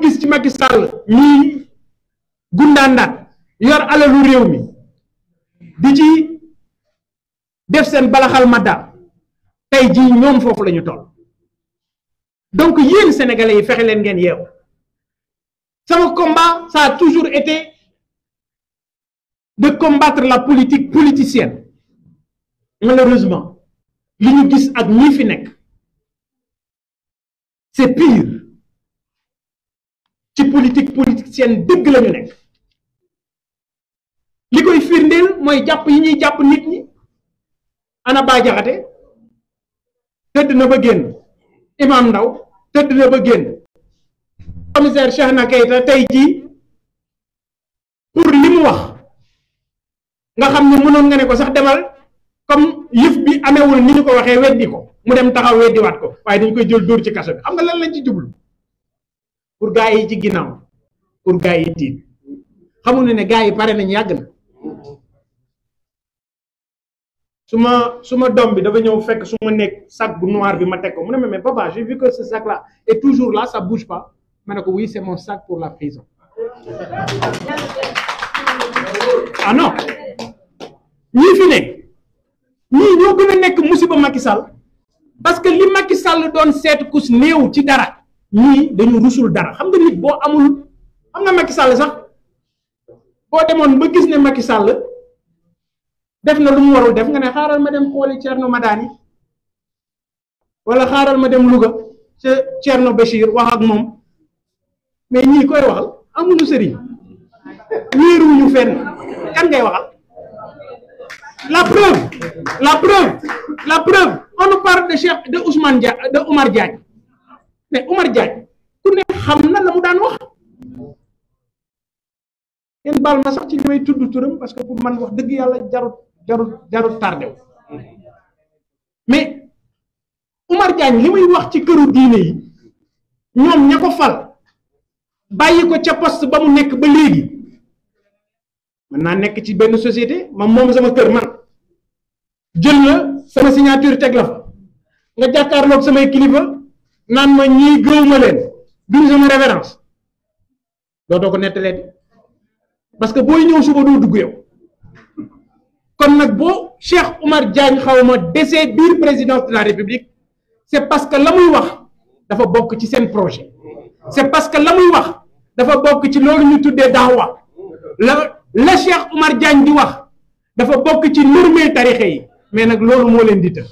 gis ci Macky Sall ñii gundaandaat yor alalu réew mi di ci def seen balaxal madda tey jii ñoom foofu lañu ñu toll donc yéen sénégalais yi fexe leen ngeen yeewu sama combat ça a toujours été de combattre la politique politicienne malheureusement li ñu gis ak ñi fi nekk c'est pire politique politicienne dëgg la ñu nekk li koy firndeel mooy jàpp yi ñuy jàpp nit ñi ana Bah Diakhaté tëdd na ba génn Imam Ndaw tëdd na ba génn commissaire na Keita tey jii pour li mu wax nga xam ne mënoon nga ne ko sax demal comme yëf bi amewul ni ñu ko waxee weddi ko mu dem taxaw weddiwaat ko waaye dañ koy jël dóor ci kaso bi xam nga lan lañ ci jublu pour gaa yi ci ginnaaw pour gaa yi tiit xamul ne ne gaa yi pare nañ yàgg na su ma su ma doom bi dafa ñëw fekk su nekk sac bu noir bi ma teg ko mu ne ma mais papa j'ai vu que ce sac là est toujours là ça bouge pas ma ne ko oui sac pour la prison ah ñii fi ne ñii ñoo gën a nekk musiba Macky Sall parce que li Macky Sall doon seet kus néew ci dara ñii dañu rusul dara xam nga nit boo amul xam nga Macky sàll sax boo demoon ba gis ne Macky Sall def na lu mu warul def nga ne xaaral ma dem xooli Thierno Madani wala xaaral ma dem Louga ca Thierno Bachir wax ak moom mais ñii koy waxal amuñu sëriñ wéeruñu fenn kan ngay waxal la preuve la preuve la preuve on nous de Cheikh de Ousmane de Omar Diagne mais Omar Diagne ku ne xam na la mu daan wax kenn baal ma sax ci li may tudd turam parce que pour man wax dëgg yàlla jarut jarut jarut tardé wu mais Omar Diagne li muy wax ci këru diine yi ñoom ña ko fal bàyyi ko ca poste ba mu nekk ba léegi mën naa nekk ci benn société ma moom sama kër man jël la sama signature teg la fa nga jàkkaarloog samay kilifa. naan ma ñii gëw ma leen duñ sama référence doo ko nettalee parce que booy ñëw suba doo dugg yow kon nag boo Cheikh Oumar Diagne xaw ma desee biir présidence de la République c'est parce que la muy wax dafa bokk ci seen projet c'est parce que la muy wax dafa bokk ci loolu ñu tuddee daawa la la Cheikh Oumar Diagne di wax dafa bokk ci normé tarixe yi mais nag loolu moo leen di të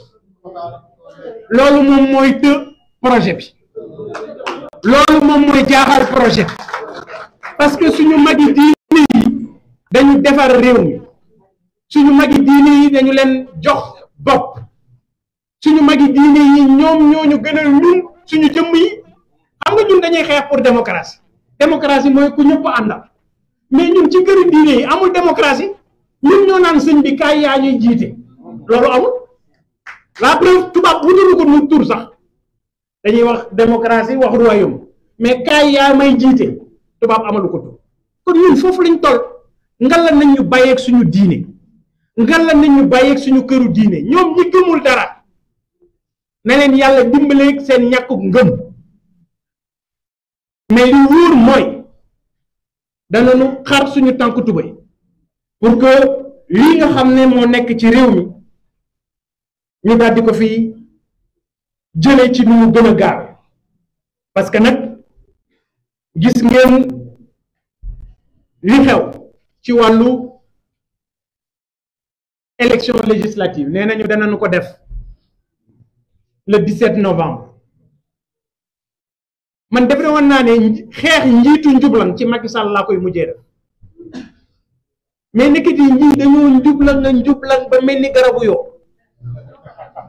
loolu moom mooy të projet bi loolu moom mooy jaaxal projet bi parce que suñu magi diine yi dañu defar réew mi suñu magi diine yi dañu leen jox bopp suñu magi diine yi ñoom ñoo ñu gënal ñun suñu jëmm yi xam nga ñun dañuy xeex pour démocratie démocratie mooy ku ñëpp na mais ñun ci këru diine yi amul démocratie ñun ñoo naan sëñ bi kaay yaa ñuy jiite loolu amul la tubaab bu ko mu tur sax. dañuy wax démocratie wax royaume mais kaay yaa may jiite tubaab amalu ko to kon ñun foofu lañu toll ngalla nañ ñu bàyyeeg suñu diine ngalla nañ ñu bàyyeeg suñu këru diine ñoom ñi gëmul dara na leen yàlla dimbaleeg seen ñàkkug ngëm mais li wóor mooy danañu xar suñu tànk tubay pour que lii nga xam ne moo nekk ci réew mi ñu daal di ko fii jëlee ci nu gën a gaaw parce que nag gis ngeen li xew ci wàllu élection législative nee nañu nu ko def le 17 novembre man defe woon naa ne xeex njiitu njublan ci Macky Sall laa koy mujjee def mais nekk di ñii dañoo njublan la njublan ba mel ni garabu yoo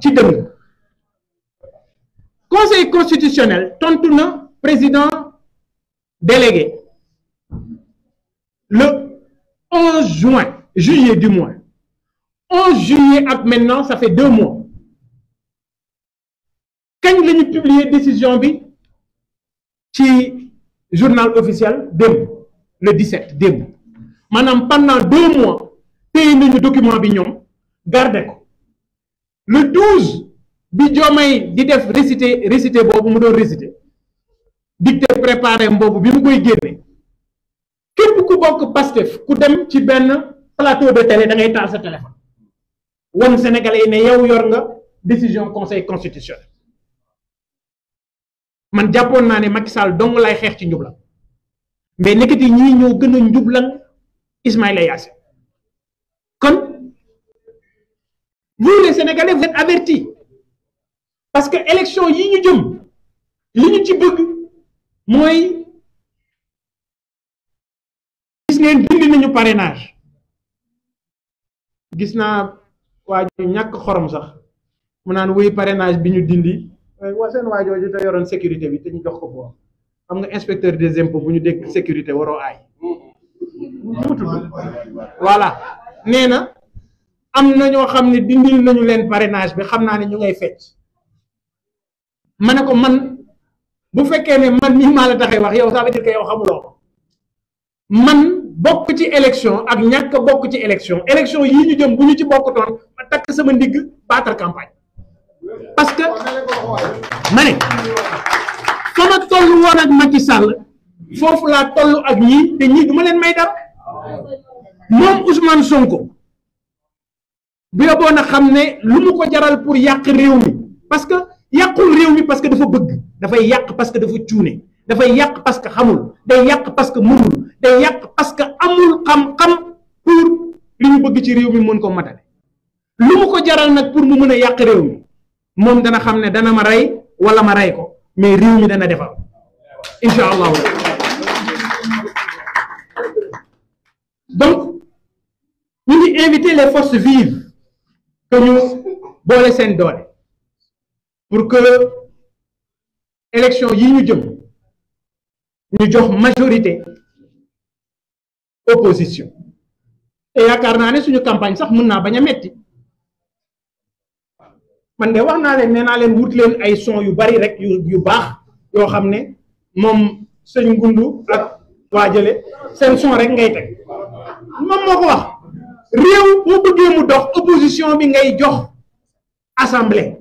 ci dëng conseil constitutionnel tontu na président délégué le 11 juin juillet du mois juillet ak maintenant ça fait deux mois kañ la ñu publier décision bi ci journal officiel démb le 17 démb pendant deux mois téye nañu document bi ñoom garde ko le bi joomay di def récité récité boobu mu doon récité dicté préparé mboobu bi mu koy génne képp ku bokk Pastef ku dem ci benn plateau de télé da ngay taal sa téléphone won Sénégalais yi ne yow yor nga décision conseil constitutionnel man jàppoon naa ne Macky Sall dong lay xeex ci njubla mais nekkati ñii ñoo gën a njublan Ismaïla Yassine kon vous les Sénégalais vous parce que élection yi ñu jëm li ñu ci bëgg mooy gis ngeen dindi nañu parrainage gis naa waa ju ñàkk xorom sax mu naan wuy parenage bi ñu dindi eh, waa seen waa jooju te yoroon sécurité bi te ñu jox ko boo xam nga inspecteur des impôts bu ñu dégg sécurité waroo aay voilà nee na am na ñoo xam ne dindil nañu leen parrainage bi xam naa ni ñu ngay fecc ma ne ko man bu fekkee ne man mii maa la taxee wax yow ça veut dire que xamuloo ko man bokk ci élection ak ñàkk bokk ci élection élection yii ñu jëm bu ñu ci bokkutoon ma takk sama ndigg baatar campagne parce que ma ne ma toll woon ak Macky Sall foofu laa toll ak ñii te ñii du ma leen may dara moom Ousmane Sonko bu yóbboon a xam ne lu mu ko jaral pour yàq réew mi parce yàqul réew mi parce que dafa bëgg dafay yàq parce que dafa cuune dafay yàq parce que xamul day yàq parce que mënul day yàq parce que amul xam-xam pour li mu bëgg ci réew mi mën koo matale lu mu ko jaral nag pour mu mën a yàq réew mi moom dana xam ne dana ma rey wala ma rey ko mais réew mi dana defar incha allahu donc invité les forces vives que ñu seen doole pour que élection yi ñu jëm ñu jox majorité opposition te yaakaar naa ne suñu campagne sax mun naa bañ a metti man de wax naa leen nee naa leen wut leen ay son yu bari rek yu yu baax yoo xam ne moom sëñ Ngundu waa jële seen son rek ngay teg moom moo ko wax réew boo bëggee mu dox opposition bi ngay jox assemblée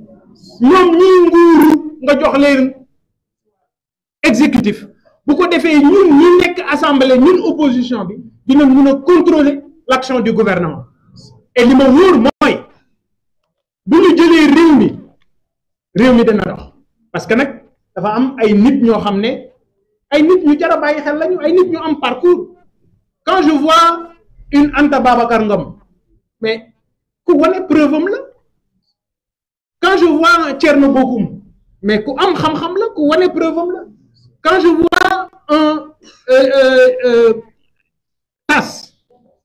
ñoom ñuy nguuru nga jox leen exécutif bu ko defee ñun ñi nekk assemblée ñun opposition bi dina mun a contrôler l'action du gouvernement et li ma mooy bu ñu jëlee réew mi réew mi dina dox parce que nag dafa am ay nit ñoo xam ne ay nit ñu jar a bàyyi xel lañu ay nit ñu am parcours quand je vois une Anta Babacar Ngom mais ku wane preuve am la quand je vois un Thierno Bocoum mais ku am xam-xam la ku wane preuve am la quand je vois un euh, euh, euh, Tass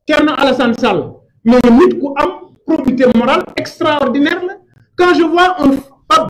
Thierno Alassane Sall mais nit ku am probité extraordinaire la quand je vois